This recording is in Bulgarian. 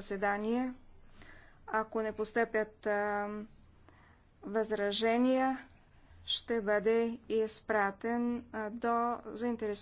заседание. Ако не постъпят а, възражения, ще бъде изпратен а, до заинтересованите.